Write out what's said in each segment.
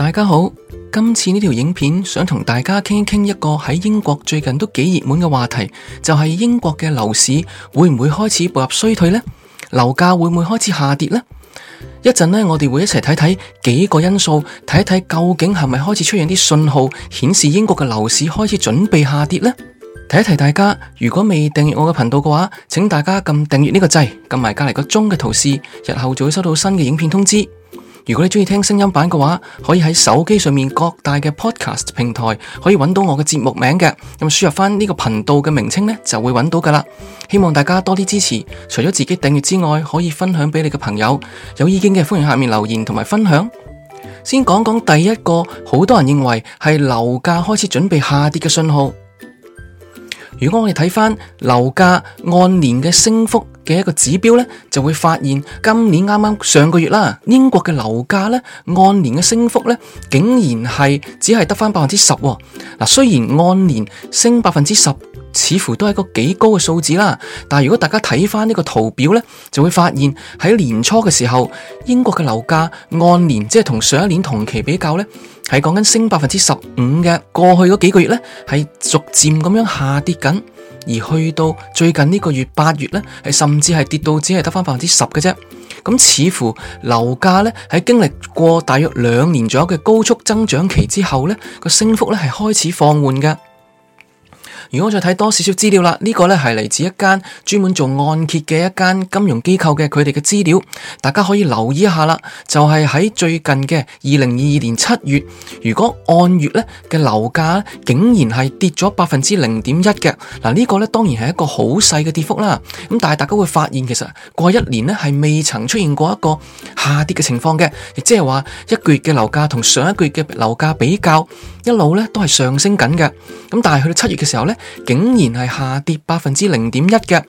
大家好，今次呢條影片想同大家傾一傾一個喺英國最近都幾熱門嘅話題，就係英國嘅樓市會唔會開始步入衰退呢？樓價會唔會開始下跌呢？一陣呢，我哋會一齊睇睇幾個因素，睇一睇究竟係咪開始出現啲信號，顯示英國嘅樓市開始準備下跌呢？提一提大家，如果未訂閱我嘅頻道嘅話，請大家撳訂閱呢個掣，撳埋隔籬個鐘嘅圖示，日後就會收到新嘅影片通知。如果你中意聽聲音版嘅話，可以喺手機上面各大嘅 podcast 平台，可以揾到我嘅節目名嘅，咁輸入翻呢個頻道嘅名稱呢，就會揾到噶啦。希望大家多啲支持，除咗自己訂閱之外，可以分享俾你嘅朋友。有意見嘅歡迎下面留言同埋分享。先講講第一個，好多人認為係樓價開始準備下跌嘅信號。如果我哋睇翻樓價按年嘅升幅嘅一個指標呢，就會發現今年啱啱上個月啦，英國嘅樓價呢，按年嘅升幅呢，竟然係只係得翻百分之十喎。嗱，雖然按年升百分之十，似乎都係個幾高嘅數字啦。但如果大家睇翻呢個圖表呢，就會發現喺年初嘅時候，英國嘅樓價按年即係同上一年同期比較呢，係講緊升百分之十五嘅。過去嗰幾個月呢，係逐漸咁樣下跌緊。而去到最近呢個月八月呢，是甚至係跌到只係得返百分之十嘅啫。咁似乎樓價呢，喺經歷過大約兩年左右嘅高速增長期之後呢，個升幅呢係開始放緩嘅。如果再睇多少少資料啦，呢、這個呢係嚟自一間專門做按揭嘅一間金融機構嘅佢哋嘅資料，大家可以留意一下啦。就係、是、喺最近嘅二零二二年七月，如果按月呢嘅樓價竟然係跌咗百分之零點一嘅，嗱、這、呢個呢當然係一個好細嘅跌幅啦。咁但係大家會發現，其實過去一年呢係未曾出現過一個下跌嘅情況嘅，亦即係話一個月嘅樓價同上一個月嘅樓價比較。一路咧都係上升緊嘅，咁但係去到七月嘅時候咧，竟然係下跌百分之零點一嘅，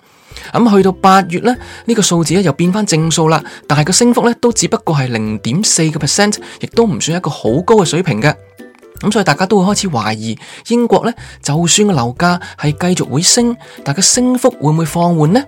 咁去到八月咧呢、呢個數字咧又變翻正數啦，但係個升幅咧都只不過係零點四個 percent，亦都唔算一個好高嘅水平嘅，咁所以大家都會開始懷疑英國咧，就算樓價係繼續會升，但係個升幅會唔會放緩呢？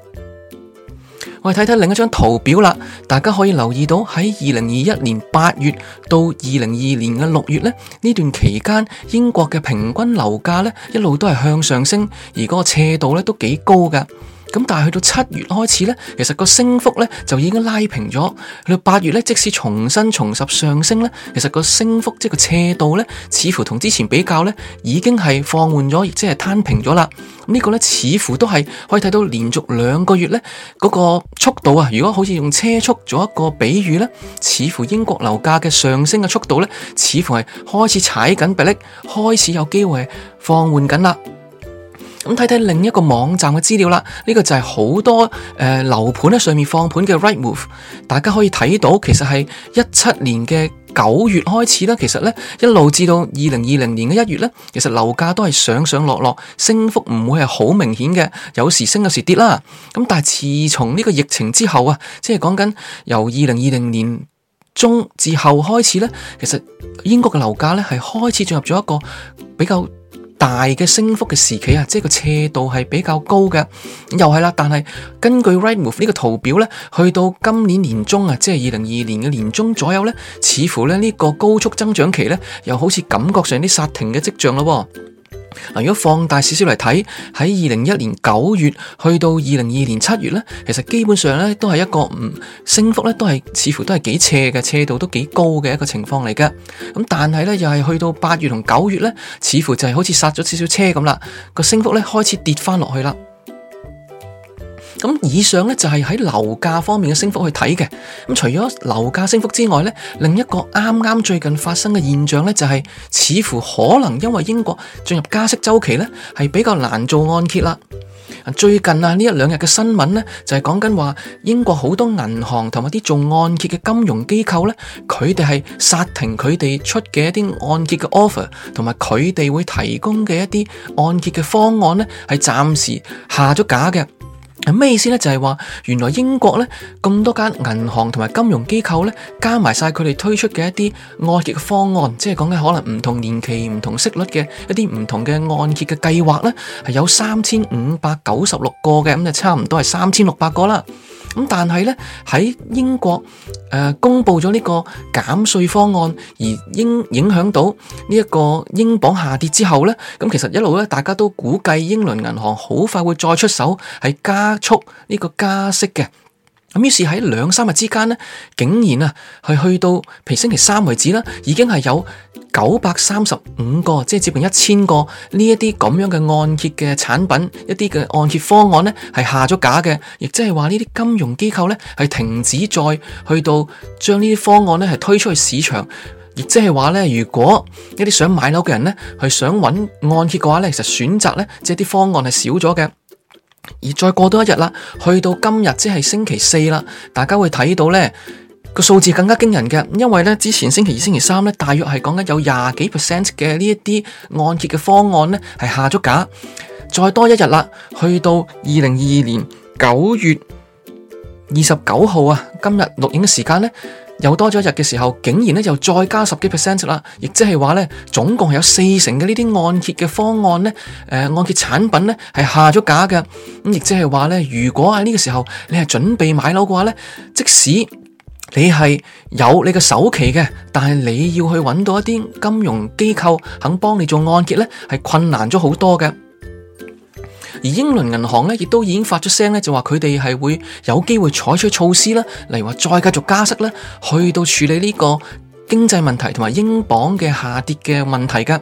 我哋睇睇另一張圖表啦，大家可以留意到喺二零二一年八月到二零二二年嘅六月呢段期間，英國嘅平均樓價呢一路都係向上升，而嗰個斜度咧都幾高噶。咁但係去到七月開始咧，其實個升幅咧就已經拉平咗。去到八月咧，即使重新重拾上升咧，其實個升幅即係個斜度咧，似乎同之前比較咧，已經係放緩咗，亦即係攤平咗啦。這個、呢個咧，似乎都係可以睇到連續兩個月咧，嗰個速度啊，如果好似用車速做一個比喻咧，似乎英國樓價嘅上升嘅速度咧，似乎係開始踩緊 brakes，開始有機會放緩緊啦。咁睇睇另一個網站嘅資料啦，呢、這個就係好多誒、呃、樓盤喺上面放盤嘅 Rightmove，大家可以睇到其實係一七年嘅九月開始啦，其實呢一路至到二零二零年嘅一月呢，其實樓價都係上上落落，升幅唔會係好明顯嘅，有時升有時跌啦。咁但係自從呢個疫情之後啊，即係講緊由二零二零年中之後開始呢，其實英國嘅樓價呢係開始進入咗一個比較。大嘅升幅嘅時期啊，即係個斜度係比較高嘅，又係啦。但係根據 Rightmove 呢個圖表咧，去到今年年中啊，即係二零二二年嘅年中左右咧，似乎咧呢個高速增長期咧，又好似感覺上啲煞停嘅跡象咯。嗱，如果放大少少嚟睇，喺二零一年九月去到二零二年七月咧，其實基本上咧都係一個唔升幅咧，都係似乎都係幾斜嘅斜度，都幾高嘅一個情況嚟嘅。咁但係咧，又係去到八月同九月咧，似乎就係好似剎咗少少車咁啦，個升幅咧開始跌翻落去啦。咁以上咧就係喺樓價方面嘅升幅去睇嘅。咁除咗樓價升幅之外咧，另一個啱啱最近發生嘅現象咧、就是，就係似乎可能因為英國進入加息周期咧，係比較難做按揭啦。最近啊呢一兩日嘅新聞咧，就係講緊話英國好多銀行同埋啲做按揭嘅金融機構咧，佢哋係煞停佢哋出嘅一啲按揭嘅 offer，同埋佢哋會提供嘅一啲按揭嘅方案咧，係暫時下咗架嘅。咩意思呢？就係話原來英國呢，咁多間銀行同埋金融機構呢，加埋晒佢哋推出嘅一啲按揭嘅方案，即係講緊可能唔同年期、唔同息率嘅一啲唔同嘅按揭嘅計劃呢，係有三千五百九十六個嘅，咁就差唔多係三千六百個啦。咁但係咧喺英國誒、呃、公布咗呢個減稅方案而英影響到呢一個英鎊下跌之後咧，咁其實一路咧大家都估計英倫銀行好快會再出手係加速呢個加息嘅。咁於是喺兩三日之間咧，竟然啊係去到譬如星期三為止啦，已經係有九百三十五個，即係接近一千個呢一啲咁樣嘅按揭嘅產品，一啲嘅按揭方案咧係下咗架嘅，亦即係話呢啲金融機構咧係停止再去到將呢啲方案咧係推出去市場，亦即係話呢，如果一啲想買樓嘅人咧係想揾按揭嘅話呢，其實選擇呢即係啲方案係少咗嘅。而再過多一日啦，去到今日即係星期四啦，大家會睇到呢個數字更加驚人嘅，因為呢之前星期二、星期三呢，大約係講緊有廿幾 percent 嘅呢一啲按揭嘅方案呢係下咗架，再多一日啦，去到二零二二年九月二十九號啊，今日錄影嘅時間呢。又多咗一日嘅時候，竟然咧又再加十幾 percent 啦，亦即係話咧，總共係有四成嘅呢啲按揭嘅方案咧，誒、呃，按揭產品咧係下咗架嘅，咁亦即係話咧，如果喺呢個時候你係準備買樓嘅話咧，即使你係有你嘅首期嘅，但係你要去揾到一啲金融機構肯幫你做按揭咧，係困難咗好多嘅。而英倫銀行咧，亦都已經發出聲咧，就話佢哋係會有機會採取措施啦，例如話再繼續加息咧，去到處理呢個經濟問題同埋英鎊嘅下跌嘅問題㗎，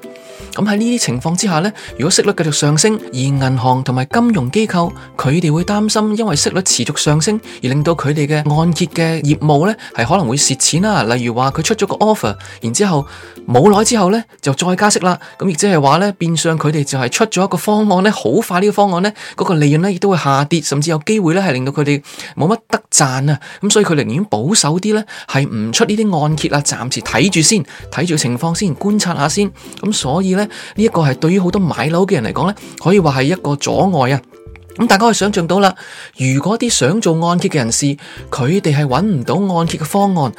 咁喺呢啲情況之下呢，如果息率繼續上升，而銀行同埋金融機構佢哋會擔心，因為息率持續上升而令到佢哋嘅按揭嘅業務呢係可能會蝕錢啦。例如話佢出咗個 offer，然之後冇耐之後呢就再加息啦，咁亦即係話呢變相佢哋就係出咗一個方案呢，好快呢個方案呢，嗰個利潤呢亦都會下跌，甚至有機會呢係令到佢哋冇乜得賺啊，咁所以佢寧願保守啲呢，係唔出呢啲按揭啦，暫時。睇住先，睇住情況先，觀察下先。咁所以呢，呢一個係對於好多買樓嘅人嚟講呢，可以話係一個阻礙啊。咁大家可以想象到啦，如果啲想做按揭嘅人士，佢哋係揾唔到按揭嘅方案，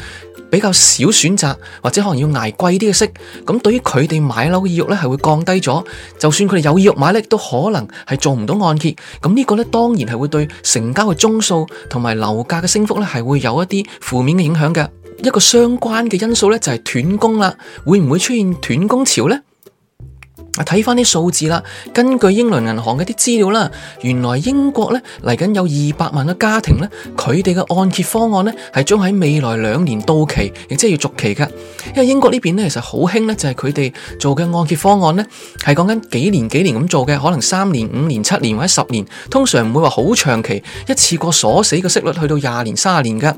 比較少選擇，或者可能要挨貴啲嘅息。咁對於佢哋買樓嘅意欲呢，係會降低咗。就算佢哋有意欲買呢，都可能係做唔到按揭。咁呢個呢，當然係會對成交嘅宗數同埋樓價嘅升幅呢，係會有一啲負面嘅影響嘅。一個相關嘅因素咧就係斷供啦，會唔會出現斷供潮呢？啊，睇翻啲數字啦，根據英倫銀行嘅啲資料啦，原來英國咧嚟緊有二百萬嘅家庭咧，佢哋嘅按揭方案咧係將喺未來兩年到期，亦即係要續期嘅。因為英國呢邊咧其實好興咧，就係佢哋做嘅按揭方案咧係講緊幾年幾年咁做嘅，可能三年、五年、七年或者十年，通常唔會話好長期，一次過鎖死個息率去到廿年、卅年嘅。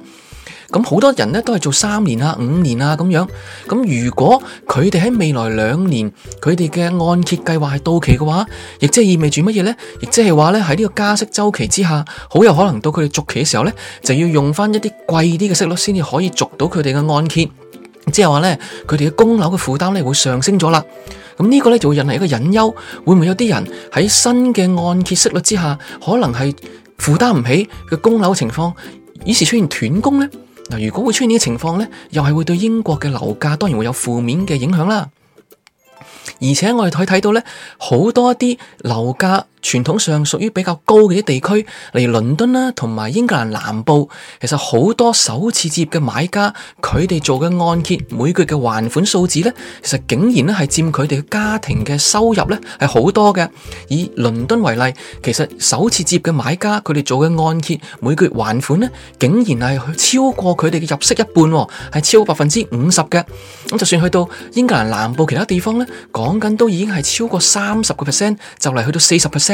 咁好多人咧都係做三年啊、五年啊咁樣。咁如果佢哋喺未來兩年佢哋嘅按揭計劃係到期嘅話，亦即係意味住乜嘢呢？亦即係話咧喺呢個加息週期之下，好有可能到佢哋續期嘅時候咧，就要用翻一啲貴啲嘅息率先至可以續到佢哋嘅按揭，即係話咧佢哋嘅供樓嘅負擔咧會上升咗啦。咁、這、呢個咧就會引嚟一個隱憂，會唔會有啲人喺新嘅按揭息率之下，可能係負擔唔起嘅供樓情況，於是出現斷供呢？嗱，如果會出現呢啲情況咧，又係會對英國嘅樓價當然會有負面嘅影響啦。而且我哋可以睇到咧，好多啲樓價，傳統上屬於比較高嘅地區，例如倫敦啦，同埋英格蘭南部，其實好多首次置業嘅買家，佢哋做嘅按揭每個月嘅還款數字呢，其實竟然呢係佔佢哋嘅家庭嘅收入呢係好多嘅。以倫敦為例，其實首次置業嘅買家佢哋做嘅按揭每個月還款呢，竟然係超過佢哋嘅入息一半，係超過百分之五十嘅。咁就算去到英格蘭南部其他地方呢，講緊都已經係超過三十個 percent，就嚟去到四十 percent。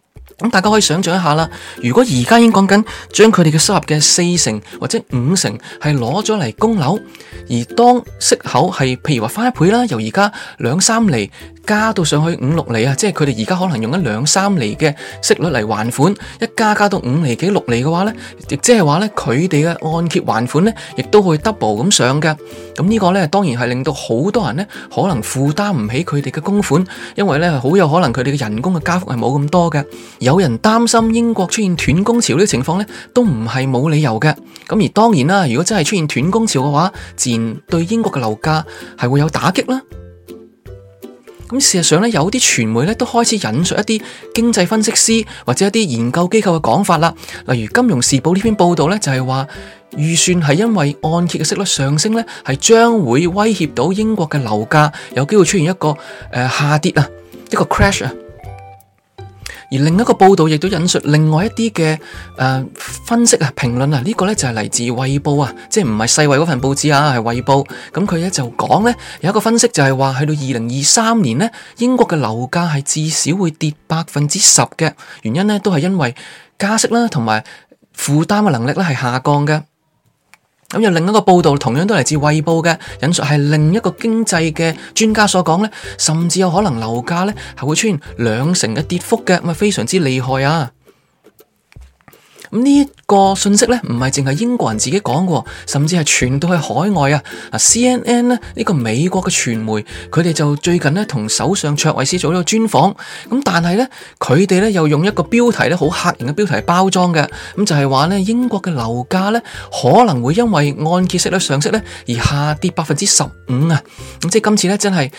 咁大家可以想象一下啦，如果而家已經講緊將佢哋嘅收入嘅四成或者五成係攞咗嚟供樓，而當息口係譬如話翻一倍啦，由而家兩三厘加到上去五六厘啊，即係佢哋而家可能用緊兩三厘嘅息率嚟還款，一加加到五厘幾六厘嘅話呢，亦即係話呢，佢哋嘅按揭還款呢亦都會 double 咁上㗎。咁呢個呢，當然係令到好多人呢可能負擔唔起佢哋嘅供款，因為呢，好有可能佢哋嘅人工嘅加幅係冇咁多嘅。有人擔心英國出現斷供潮呢啲情況呢，都唔係冇理由嘅。咁而當然啦，如果真係出現斷供潮嘅話，自然對英國嘅樓價係會有打擊啦。咁事實上呢，有啲傳媒呢都開始引述一啲經濟分析師或者一啲研究機構嘅講法啦。例如《金融時報》呢篇報道呢，就係話預算係因為按揭嘅息率上升呢，係將會威脅到英國嘅樓價，有機會出現一個誒、呃、下跌啊，一個 crash 啊。而另一個報道亦都引述另外一啲嘅誒分析啊、評論啊，這個、呢個咧就係、是、嚟自《衛報》啊，即係唔係《世衞》嗰份報紙啊，係《衛報》呢。咁佢咧就講咧有一個分析就係話，去到二零二三年咧，英國嘅樓價係至少會跌百分之十嘅，原因咧都係因為加息啦，同埋負擔嘅能力咧係下降嘅。咁又另一個報道，同樣都嚟自衛報的《衛報》嘅引述，係另一個經濟嘅專家所講咧，甚至有可能樓價咧係會出現兩成嘅跌幅嘅，咪非常之厲害啊！呢一個信息呢，唔係淨係英國人自己講嘅，甚至係傳到去海外啊！嗱，C N N 咧呢、這個美國嘅傳媒，佢哋就最近呢同首相卓慧思做咗個專訪。咁但係呢，佢哋呢又用一個標題呢好嚇人嘅標題嚟包裝嘅，咁、嗯、就係、是、話呢，英國嘅樓價呢可能會因為按揭息率上升呢而下跌百分之十五啊！咁、嗯、即係今次呢，真係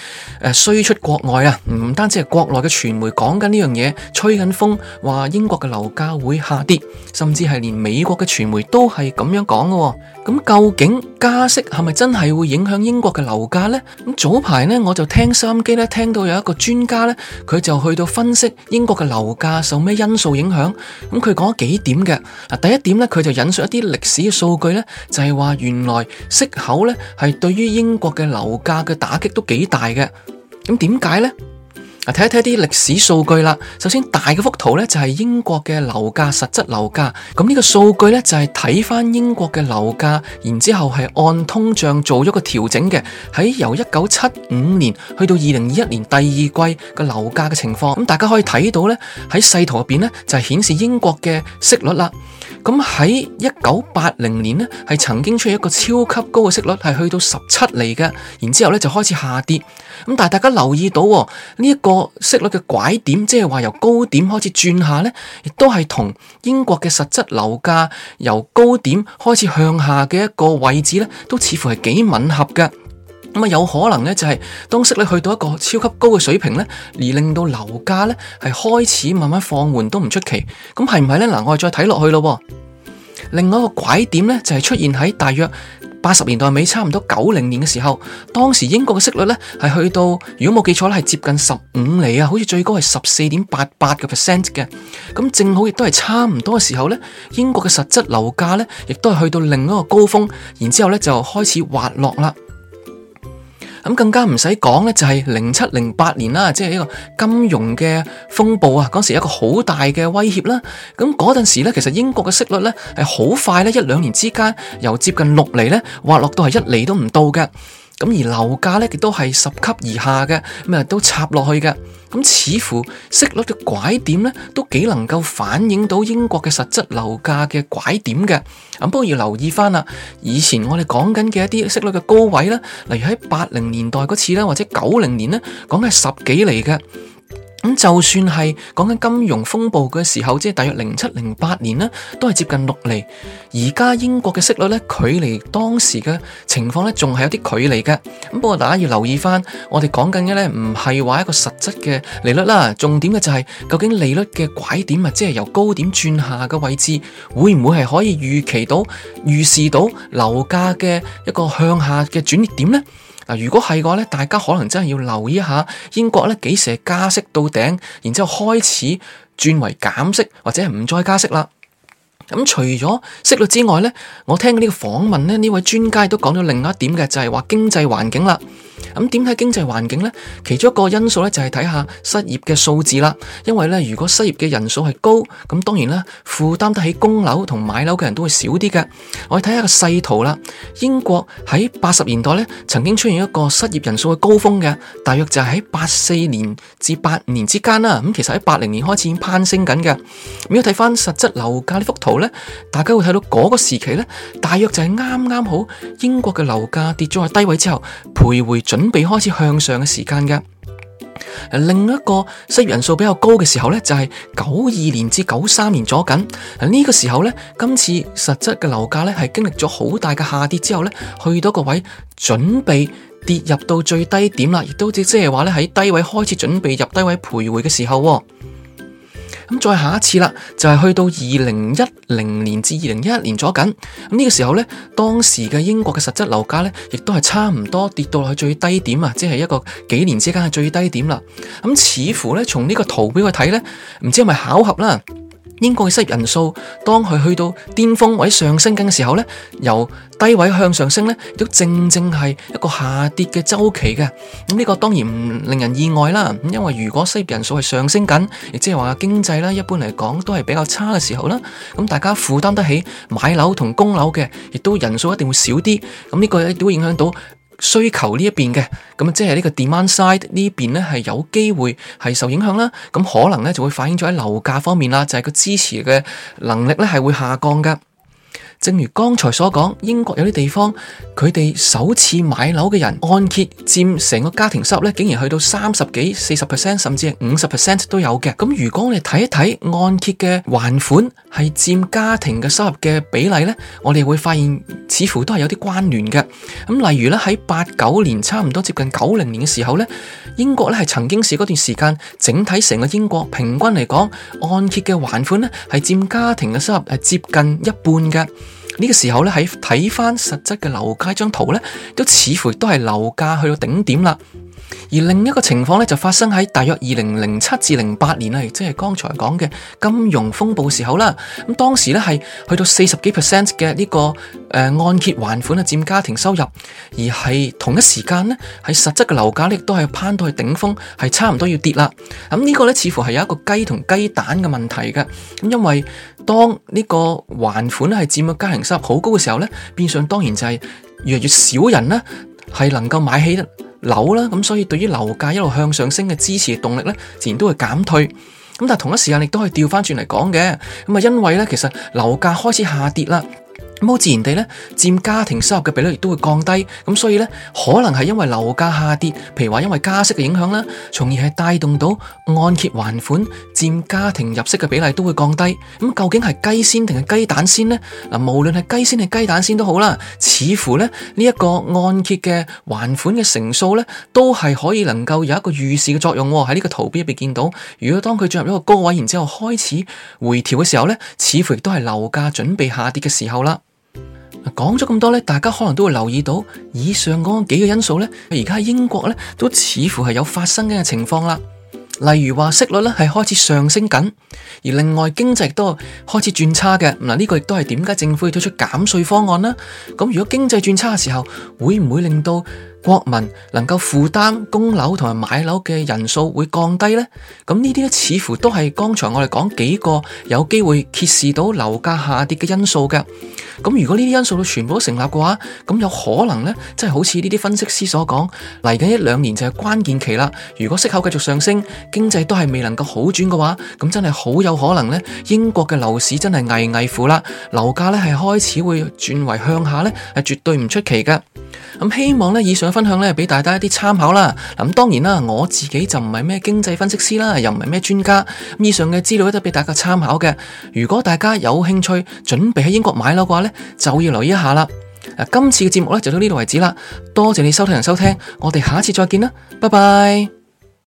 誒衰出國外啊，唔單止係國內嘅傳媒講緊呢樣嘢，吹緊風話英國嘅樓價會下跌。甚至係連美國嘅傳媒都係咁樣講嘅喎，咁究竟加息係咪真係會影響英國嘅樓價呢？咁早排呢，我就聽收音機咧聽到有一個專家呢，佢就去到分析英國嘅樓價受咩因素影響，咁佢講咗幾點嘅。嗱，第一點呢，佢就引述一啲歷史嘅數據呢，就係話原來息口呢係對於英國嘅樓價嘅打擊都幾大嘅。咁點解呢？啊，睇一睇啲歷史數據啦。首先大幅圖呢就係英國嘅樓價實質樓價，咁呢個數據呢，就係睇翻英國嘅樓價，然之後係按通脹做咗個調整嘅，喺由一九七五年去到二零二一年第二季嘅樓價嘅情況。咁大家可以睇到呢，喺細圖入邊呢，就係顯示英國嘅息率啦。咁喺一九八零年呢，係曾經出現一個超級高嘅息率，係去到十七厘嘅，然之後呢就開始下跌。咁但係大家留意到呢一個。個息率嘅拐點，即係話由高點開始轉下呢，亦都係同英國嘅實質樓價由高點開始向下嘅一個位置呢，都似乎係幾吻合嘅。咁啊，有可能呢，就係當息率去到一個超級高嘅水平呢，而令到樓價呢係開始慢慢放緩都唔出奇。咁係唔係呢？嗱，我哋再睇落去咯。另外一個拐點呢，就係出現喺大約八十年代尾，差唔多九零年嘅時候，當時英國嘅息率呢係去到，如果冇記錯啦，係接近十五厘啊，好似最高係十四點八八個 percent 嘅。咁正好亦都係差唔多嘅時候呢，英國嘅實質樓價呢亦都係去到另一個高峰，然之後呢就開始滑落啦。咁更加唔使講咧，就係零七零八年啦，即係一個金融嘅風暴啊！嗰時一個好大嘅威脅啦。咁嗰陣時咧，其實英國嘅息率咧係好快咧，一兩年之間由接近六厘咧滑落到係一厘都唔到嘅。咁而樓價咧亦都係十級而下嘅，咁啊都插落去嘅。咁似乎息率嘅拐點咧，都幾能夠反映到英國嘅實質樓價嘅拐點嘅。咁不過要留意翻啦，以前我哋講緊嘅一啲息率嘅高位咧，例如喺八零年代嗰次咧，或者九零年咧，講係十幾嚟嘅。咁就算係講緊金融風暴嘅時候，即係大約零七零八年咧，都係接近六厘。而家英國嘅息率呢，距離當時嘅情況呢，仲係有啲距離嘅。咁不過大家要留意翻，我哋講緊嘅呢，唔係話一個實質嘅利率啦。重點嘅就係，究竟利率嘅拐點，或者係由高點轉下嘅位置，會唔會係可以預期到，預示到樓價嘅一個向下嘅轉捩點呢？嗱，如果係嘅話咧，大家可能真係要留意一下英國咧幾時係加息到頂，然之後開始轉為減息或者係唔再加息啦。咁除咗息率之外咧，我聽呢個訪問咧呢位專家都講咗另外一點嘅，就係話經濟環境啦。咁點睇經濟環境呢？其中一個因素咧就係睇下失業嘅數字啦。因為咧，如果失業嘅人數係高，咁當然啦，負擔得起供樓同買樓嘅人都會少啲嘅。我哋睇下個勢圖啦。英國喺八十年代咧，曾經出現一個失業人數嘅高峰嘅，大約就係喺八四年至八五年之間啦。咁其實喺八零年開始已經攀升緊嘅。咁如果睇翻實質樓價呢幅圖呢，大家會睇到嗰個時期呢，大約就係啱啱好英國嘅樓價跌咗個低位之後，徘徊。準備開始向上嘅時間嘅，另一個失業人數比較高嘅時候呢，就係九二年至九三年左近。呢個時候呢，今次實質嘅樓價呢，係經歷咗好大嘅下跌之後呢，去到個位準備跌入到最低點啦，亦都即係話呢，喺低位開始準備入低位徘徊嘅時候哦。咁再下一次啦，就係去到二零一零年至二零一一年左近，咁呢個時候呢，當時嘅英國嘅實質樓價呢，亦都係差唔多跌到去最低點啊，即係一個幾年之間嘅最低點啦。咁似乎呢，從呢個圖表去睇呢，唔知係咪巧合啦。英國嘅失業人數當佢去到巔峰位上升緊嘅時候呢，由低位向上升呢，都正正係一個下跌嘅週期嘅。咁、嗯、呢、呢個當然唔令人意外啦。因為如果失業人數係上升緊，亦即係話經濟啦，一般嚟講都係比較差嘅時候啦。咁、嗯、大家負擔得起買樓同供樓嘅，亦都人數一定會少啲。咁、嗯、呢、呢個亦都會影響到。需求呢一邊嘅，咁即係呢個 demand side 呢邊咧係有機會係受影響啦，咁可能咧就會反映咗喺樓價方面啦，就係、是、個支持嘅能力咧係會下降噶。正如剛才所講，英國有啲地方，佢哋首次買樓嘅人按揭佔成個家庭收入咧，竟然去到三十幾、四十 percent，甚至係五十 percent 都有嘅。咁如果我哋睇一睇按揭嘅還款係佔家庭嘅收入嘅比例呢，我哋會發現似乎都係有啲關聯嘅。咁例如咧喺八九年差唔多接近九零年嘅時候呢，英國咧係曾經是嗰段時間整體成個英國平均嚟講，按揭嘅還款咧係占家庭嘅收入係接近一半嘅。呢、這個時候咧喺睇翻實質嘅樓價張圖咧，都似乎都係樓價去到頂點啦。而另一個情況咧，就發生喺大約二零零七至零八年啦，即係剛才講嘅金融風暴時候啦。咁當時咧係去到四十幾 percent 嘅呢個誒按揭還款啊占家庭收入，而係同一時間咧喺實質嘅樓價亦都係攀到去頂峰，係差唔多要跌啦。咁、這、呢個咧似乎係有一個雞同雞蛋嘅問題嘅。咁因為當呢個還款係占家庭收入好高嘅時候咧，變相當然就係越來越少人咧係能夠買起。樓啦，咁所以對於樓價一路向上升嘅支持嘅動力咧，自然都會減退。咁但係同一時間亦都可以調翻轉嚟講嘅，咁啊因為咧，其實樓價開始下跌啦。咁好自然地咧，佔家庭收入嘅比率亦都會降低。咁所以呢，可能係因為樓價下跌，譬如話因為加息嘅影響啦，從而係帶動到按揭還款佔家庭入息嘅比例都會降低。咁究竟係雞先定係雞蛋先呢？嗱，無論係雞先定雞蛋先都好啦，似乎咧呢一個按揭嘅還款嘅成數呢，都係可以能夠有一個預示嘅作用喺呢個圖表入邊見到。如果當佢進入一個高位，然之後開始回調嘅時候呢，似乎亦都係樓價準備下跌嘅時候啦。講咗咁多咧，大家可能都會留意到，以上嗰幾個因素咧，而家喺英國咧都似乎係有發生緊嘅情況啦。例如話息率咧係開始上升緊，而另外經濟都開始轉差嘅，嗱、這、呢個亦都係點解政府要推出減稅方案啦。咁如果經濟轉差嘅時候，會唔會令到？國民能夠負擔供樓同埋買樓嘅人數會降低呢？咁呢啲咧似乎都係剛才我哋講幾個有機會揭示到樓價下跌嘅因素嘅。咁如果呢啲因素都全部都成立嘅話，咁有可能呢，即係好似呢啲分析師所講，嚟緊一兩年就係關鍵期啦。如果息口繼續上升，經濟都係未能夠好轉嘅話，咁真係好有可能呢。英國嘅樓市真係危危乎啦，樓價咧係開始會轉為向下呢，係絕對唔出奇㗎。咁希望呢以上。分享咧俾大家一啲參考啦，嗱咁當然啦，我自己就唔係咩經濟分析師啦，又唔係咩專家。以上嘅資料都俾大家參考嘅。如果大家有興趣準備喺英國買樓嘅話呢，就要留意一下啦。今次嘅節目呢就到呢度為止啦。多謝你收聽同收聽，我哋下次再見啦，拜拜。